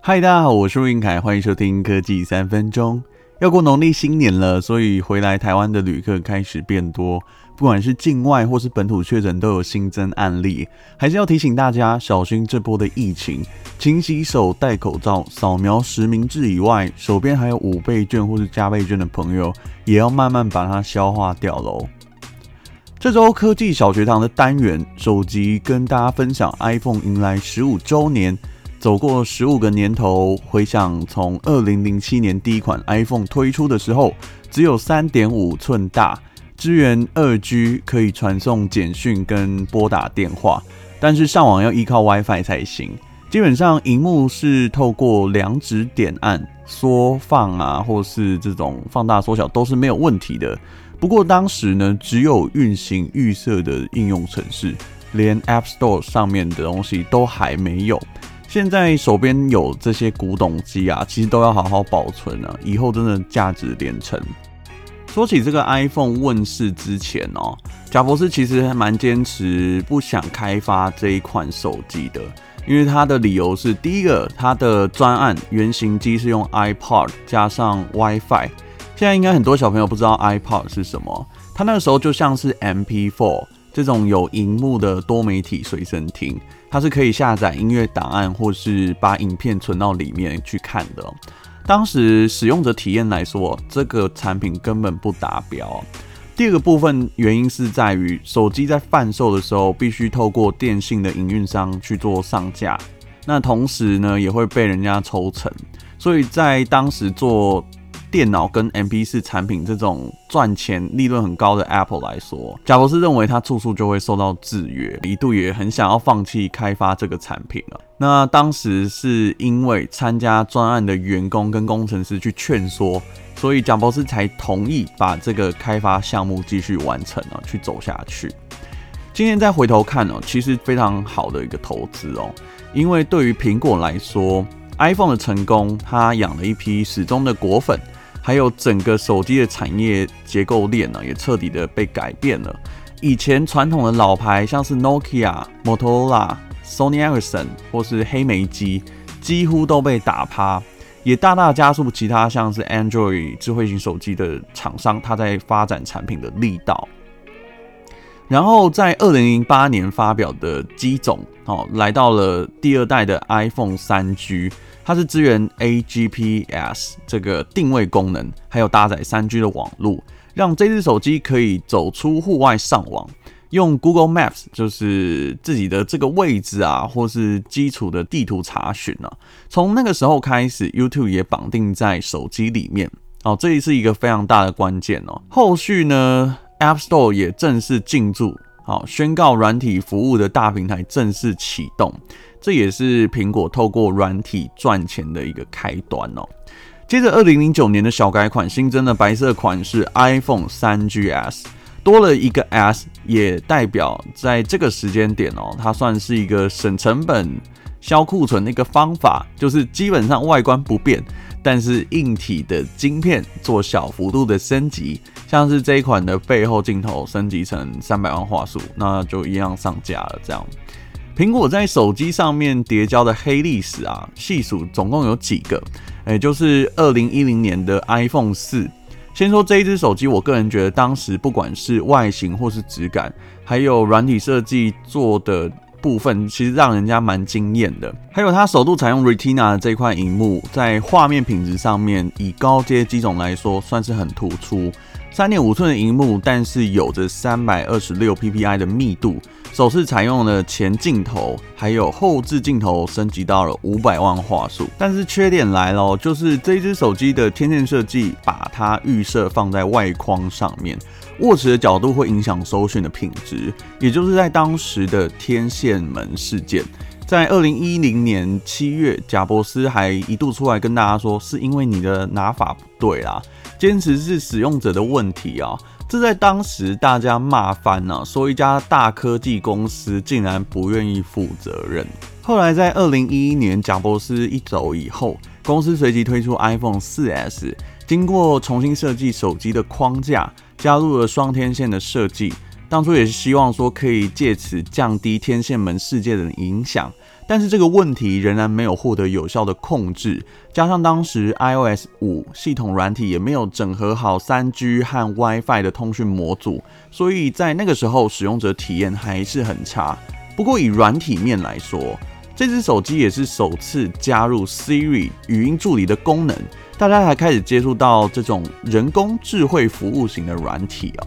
嗨，Hi, 大家好，我是陸雲凱，歡迎收聽科技三分鐘。要過農曆新年了，所以回來台灣的旅客開始變多。不管是境外或是本土確診，都有新增案例，還是要提醒大家小心這波的疫情。勤洗手、戴口罩、掃描實名制以外，手邊還有五倍券或是加倍券的朋友，也要慢慢把它消化掉嘍。這周科技小學堂的單元，首集跟大家分享 iPhone 迎來十五周年。走過十五個年頭，回想從二零零七年第一款 iPhone 推出的時候，只有三點五吋大，支援二 G，可以傳送簡訊跟撥打電話，但是上網要依靠 WiFi 才行。基本上，螢幕是透過兩指點按縮放啊，或是這種放大縮小都是沒有問題的。不過當時呢，只有運行預設的應用程式，連 App Store 上面的東西都還沒有。現在手邊有這些古董機啊，其實都要好好保存啊，以後真的價值連城。說起這個 iPhone 問世之前哦，賈伯斯其實還蠻堅持不想開發這一款手機的，因為他的理由是：第一個，他的專案原型機是用 iPod 加上 Wi-Fi，現在應該很多小朋友不知道 iPod 是什麼，他那個時候就像是 MP4。這種有螢幕的多媒體隨身聽，它是可以下載音樂檔案，或是把影片存到裡面去看的。當時使用者體驗來說，這個產品根本不達標。第二個部分原因是在於，手機在販售的時候必須透過電信的營運商去做上架，那同時呢也會被人家抽成，所以在當時做電腦跟 MP4 產品這種賺錢利潤很高的 Apple 來說，賈伯斯認為他處處就會受到制約，一度也很想要放棄開發這個產品啊。那當時是因為參加專案的員工跟工程師去勸說，所以賈伯斯才同意把這個開發項目繼續完成啊，去走下去。今天再回頭看哦，其實非常好的一個投資哦，因為對於蘋果來說，iPhone 的成功，他養了一批死忠的果粉。還有整個手機的產業結構鏈呢、啊，也徹底的被改變了。以前傳統的老牌，像是 Nokia、ok、Motorola、Sony Ericsson 或是黑莓機，幾乎都被打趴，也大大加速其他像是 Android 智慧型手機的廠商，它在發展產品的力道。然後在二零零八年發表的機種。好、哦，來到了第二代的 iPhone 3G，它是支援 AGPS 這個定位功能，還有搭載 3G 的網絡，讓這隻手機可以走出戶外上網，用 Google Maps 就是自己的這個位置啊，或是基礎的地圖查詢啊，從那個時候開始，YouTube 也綁定在手機裡面。哦，這也是一個非常大的關鍵哦。後續呢，App Store 也正式進駐。好，宣告軟體服務的大平台正式啟動，這也是蘋果透過軟體賺錢的一個開端哦。接着，二零零九年的小改款新增了白色款式 iPhone 3GS，多了一個 S，也代表在這個時間點哦，它算是一個省成本。消庫存的一個方法，就是基本上外觀不變，但是硬體的晶片做小幅度的升級，像是這一款的背後鏡頭升級成三百萬畫素，那就一樣上架了。這樣，蘋果在手機上面疊加的黑歷史啊，細數總共有幾個？哎，就是二零一零年的 iPhone 四。先說這一只手機，我個人覺得當時不管是外形或是質感，還有軟體設計做的。部分其實讓人家蠻驚豔的，還有它首度採用 Retina 的這塊熒幕，在畫面品質上面，以高階機種來說算是很突出。三點五寸的熒幕，但是有着三百二十六 PPI 的密度，首次採用了前鏡頭還有後置鏡頭升級到了五百萬畫素。但是缺點來咯，就是這只手機的天線設計把它預設放在外框上面，握持的角度會影響收訊的品質，也就是在當時的天線門事件，在二零一零年七月，賈伯斯還一度出來跟大家說，是因為你的拿法不對啦，堅持是使用者的問題啊。這在當時大家罵翻了、啊，說一家大科技公司竟然不願意負責任。後來在二零一一年，賈伯斯一走以後，公司隨即推出 iPhone 四 S。經過重新設計手機的框架，加入了雙天線的設計。當初也是希望說可以借此降低天線門事件的影響，但是這個問題仍然沒有獲得有效的控制。加上當時 iOS 5系統軟體也沒有整合好 3G 和 WiFi 的通訊模組，所以在那個時候使用者體驗還是很差。不過以軟體面來說，這只手機也是首次加入 Siri 語音助理的功能。大家才開始接觸到這種人工智慧服務型的軟體哦。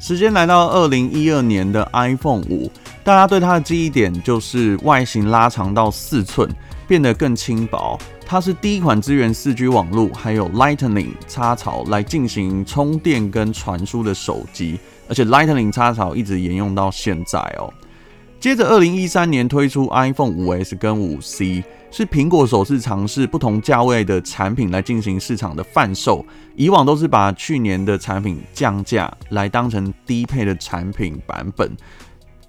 時間來到二零一二年的 iPhone 五，大家對它的記憶點就是外形拉長到四寸，變得更輕薄。它是第一款支援四 G 網絡，還有 Lightning 插槽來進行充電跟傳輸的手機，而且 Lightning 插槽一直沿用到現在哦。接着，二零一三年推出 iPhone 五 S 跟五 C，是蘋果首次嘗試不同價位的產品來進行市場的販售。以往都是把去年的產品降價來當成低配的產品版本，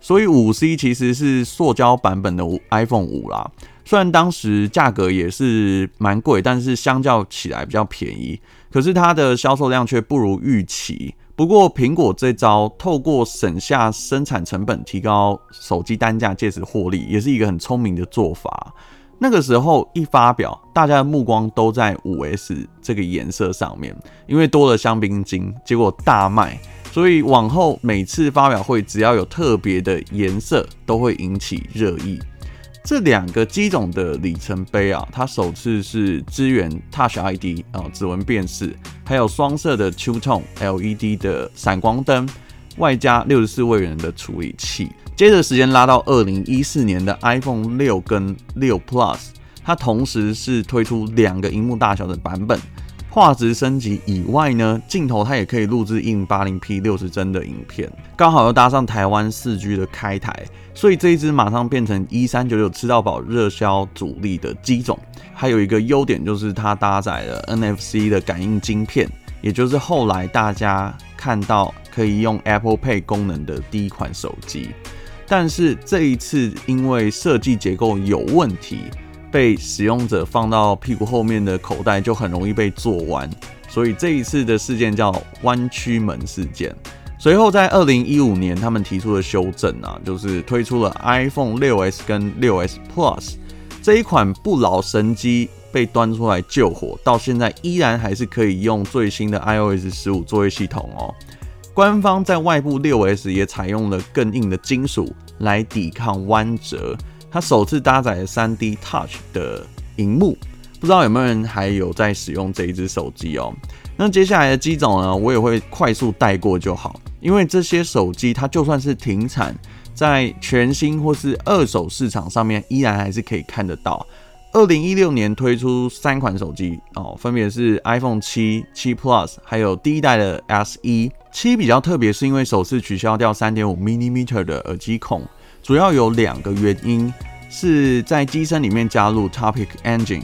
所以五 C 其實是塑膠版本的 iPhone 五啦。雖然當時價格也是蠻貴，但是相較起來比較便宜，可是它的銷售量卻不如預期。不過，蘋果這招透過省下生產成本，提高手機單價，借此獲利，也是一個很聰明的做法。那個時候一發表，大家的目光都在五 S 這個顏色上面，因為多了香檳金，結果大賣。所以往後每次發表會，只要有特別的顏色，都會引起熱議。這兩個機種的里程碑啊，它首次是支援 Touch ID 啊、哦，指紋辨識，還有雙色的 True Tone LED 的閃光燈，外加六十四位元的處理器。接着時間拉到二零一四年的 iPhone 六跟六 Plus，它同時是推出兩個螢幕大小的版本。畫質升級以外呢，鏡頭它也可以錄製一零八零 P 六十幀的影片，剛好又搭上台灣四 G 的開台，所以這一支馬上變成一三九九吃到飽熱銷主力的機種。還有一個優點就是它搭載了 NFC 的感應晶片，也就是後來大家看到可以用 Apple Pay 功能的第一款手機。但是這一次因為設計結構有問題。被使用者放到屁股後面的口袋就很容易被坐彎，所以這一次的事件叫彎曲門事件。隨後在二零一五年，他們提出了修正啊，就是推出了 iPhone 六 S 跟六 S Plus 這一款不老神機被端出來救火，到現在依然還是可以用最新的 iOS 十五作業系統哦。官方在外部六 S 也採用了更硬的金屬來抵抗彎折。它首次搭載了三 D Touch 的熒幕，不知道有沒有人還有在使用這一只手機哦？那接下來的機種呢，我也會快速帶過就好，因為這些手機它就算是停產，在全新或是二手市場上面，依然還是可以看得到。二零一六年推出三款手機哦，分別是 iPhone 七、七 Plus，還有第一代的 SE。七比較特別，是因為首次取消掉三點五 millimeter 的耳機孔。主要有兩個原因，是在機身裡面加入 Topic Engine，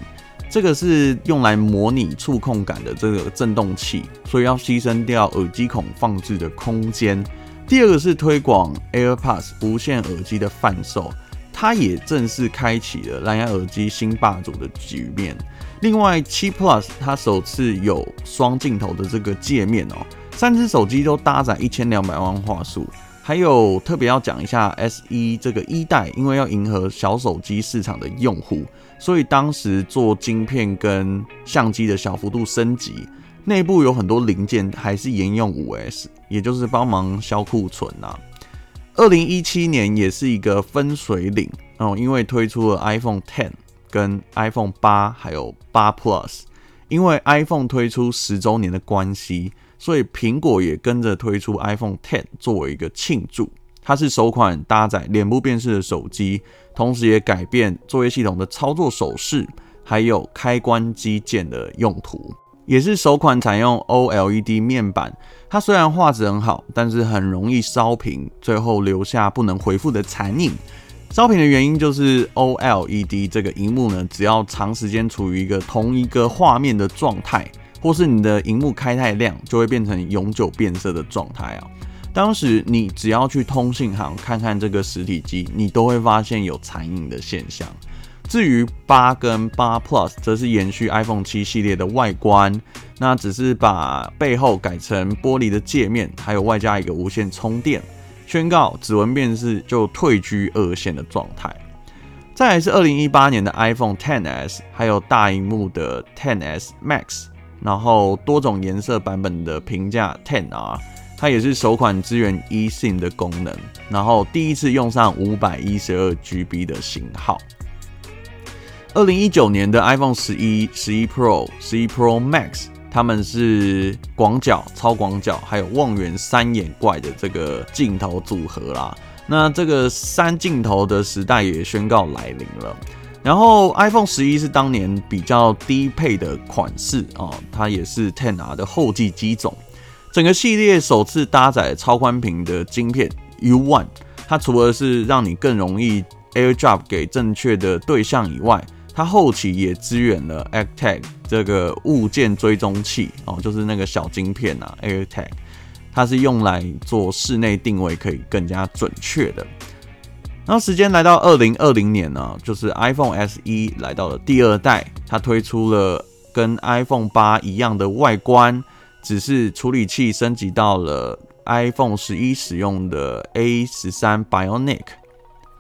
這個是用來模擬觸控感的這個振動器，所以要犧牲掉耳機孔放置的空間。第二個是推廣 AirPods 無線耳機的販售，它也正式開啟了藍牙耳機新霸主的局面。另外7，七 Plus 它首次有雙鏡頭的這個界面哦，三支手機都搭載一千兩百萬畫素。還有特別要講一下 SE 這個一代，因為要迎合小手機市場的用戶，所以當時做晶片跟相機的小幅度升級，內部有很多零件還是沿用五 S，也就是幫忙消庫存啊。二零一七年也是一個分水嶺哦、嗯，因為推出了 iPhone Ten 跟 iPhone 八還有八 Plus，因為 iPhone 推出十週年的關係。所以蘋果也跟着推出 iPhone X 作為一個慶祝，它是首款搭載臉部辨識的手機，同時也改變作業系統的操作手勢，還有開關機鍵的用途，也是首款採用 OLED 面板。它雖然畫質很好，但是很容易燒屏，最後留下不能回復的殘影。燒屏的原因就是 OLED 這個熒幕呢，只要長時間處於一個同一個畫面的狀態。或是你的熒幕開太亮，就會變成永久變色的狀態啊！當時你只要去通信行看看這個實體機，你都會發現有殘影的現象。至於八跟八 Plus，則是延續 iPhone 七系列的外觀，那只是把背後改成玻璃的界面，還有外加一個無線充電，宣告指紋辨識就退居二線的狀態。再來是二零一八年的 iPhone XS，還有大熒幕的 XS Max。然後多種顏色版本的評價，XR，它也是首款支援 eSIM 的功能，然後第一次用上五百一十二 GB 的型號。二零一九年的 iPhone 十一、十一 Pro、十一 Pro Max，它們是廣角、超廣角還有望遠三眼怪的這個鏡頭組合啦。那這個三鏡頭的時代也宣告來臨了。然後，iPhone 十一是當年比較低配的款式哦，它也是 XR 的後繼機種。整個系列首次搭載超寬屏的晶片 U One，它除了是讓你更容易 Air Drop 給正確的對象以外，它後期也支援了 AirTag 這個物件追蹤器哦，就是那個小晶片吶、啊、，Air Tag，它是用來做室內定位可以更加準確的。那時間來到二零二零年呢、啊，就是 iPhone SE 來到了第二代，它推出了跟 iPhone 八一樣的外觀，只是處理器升級到了 iPhone 十一使用的 A 十三 Bionic。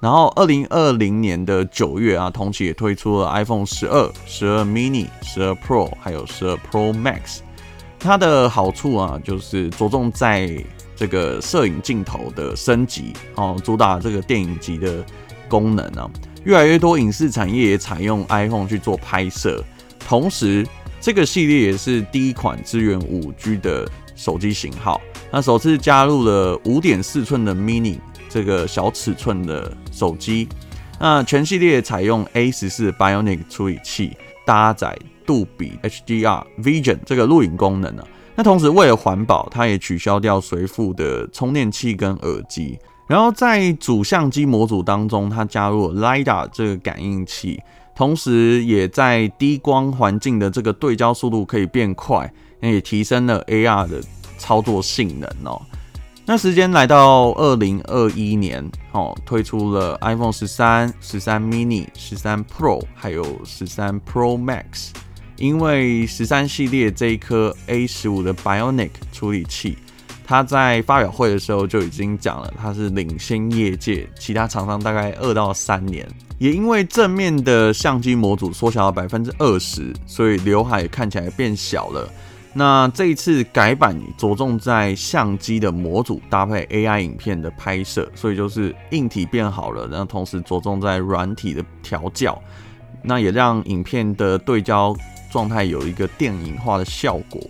然後二零二零年的九月啊，同期也推出了 iPhone 十二、十二 Mini、十二 Pro 還有十二 Pro Max。它的好處啊，就是着重在，這個攝影鏡頭的升級哦，主打這個電影級的功能啊，越來越多影視產業也採用 iPhone 去做拍攝。同時，這個系列也是第一款支援 5G 的手機型號，那首次加入了5.4寸的 Mini 這個小尺寸的手機。那全系列採用 A14 Bionic 處理器，搭載杜比 HDR Vision 這個錄影功能呢、啊。那同時，為了環保，它也取消掉隨附的充電器跟耳機。然後在主相機模組當中，它加入了 LiDAR 這個感應器，同時也在低光環境的這個對焦速度可以變快，那也提升了 AR 的操作性能哦。那時間來到二零二一年哦，推出了 iPhone 十三、十三 mini、十三 Pro 還有十三 Pro Max。因為十三系列這一顆 A 十五的 Bionic 處理器，它在發表會的時候就已經講了，它是領先業界，其他廠商大概二到三年。也因為正面的相機模組縮小了百分之二十，所以劉海看起來變小了。那這一次改版着重在相機的模組搭配 AI 影片的拍攝，所以就是硬體變好了，然後同時着重在軟體的調教，那也讓影片的對焦。狀態有一個電影化的效果。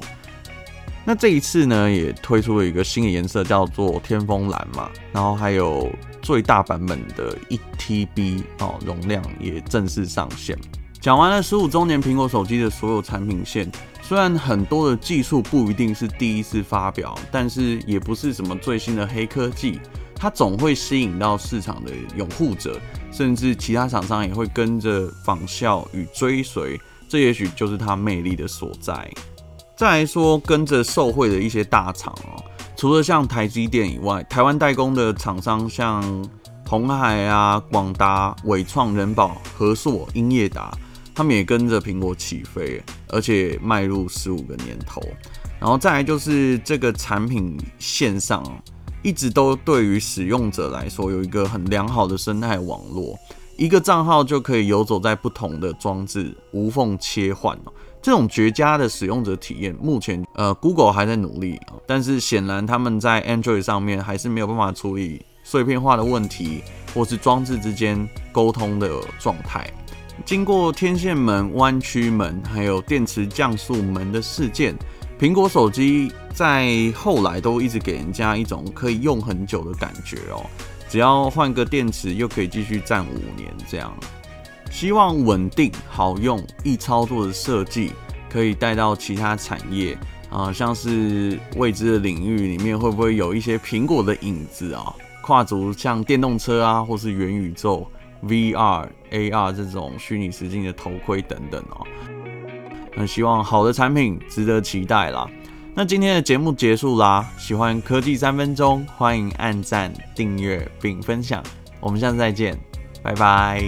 那這一次呢，也推出了一個新的顏色，叫做天峰藍嘛。然後還有最大版本的一 TB 哦，容量也正式上線。講完了十五週年蘋果手機的所有產品線，雖然很多的技術不一定是第一次發表，但是也不是什麼最新的黑科技，它總會吸引到市場的擁護者，甚至其他廠商也會跟着仿效與追隨。這也許就是它魅力的所在。再來說跟着受惠的一些大廠哦，除了像台積電以外，台灣代工的廠商像鴻海啊、廣達、緯創、仁寶、和碩、英業達，他們也跟着蘋果起飛，而且邁入十五個年頭。然後再來就是這個產品線上一直都對於使用者來說有一個很良好的生態網絡。一個賬號就可以遊走在不同的裝置，無縫切換。這種絕佳的使用者體驗，目前呃、Google 還在努力，但是顯然他們在 Android 上面還是沒有辦法處理碎片化的問題，或是裝置之間溝通的狀態。經過天線門、彎曲門，還有電池降速門的事件，蘋果手機在後來都一直給人家一種可以用很久的感覺哦。只要換個電池，又可以繼續戰五年這樣。希望穩定、好用、易操作的設計，可以帶到其他產業啊、呃，像是未知的領域裡面，會不會有一些蘋果的影子啊？跨足像電動車啊，或是元宇宙、VR、AR 這種虛擬實境的頭盔等等哦。那希望好的產品值得期待啦。那今天的節目結束啦啊，喜歡科技三分鐘，歡迎按讚、訂閱並分享，我們下次再見，拜拜。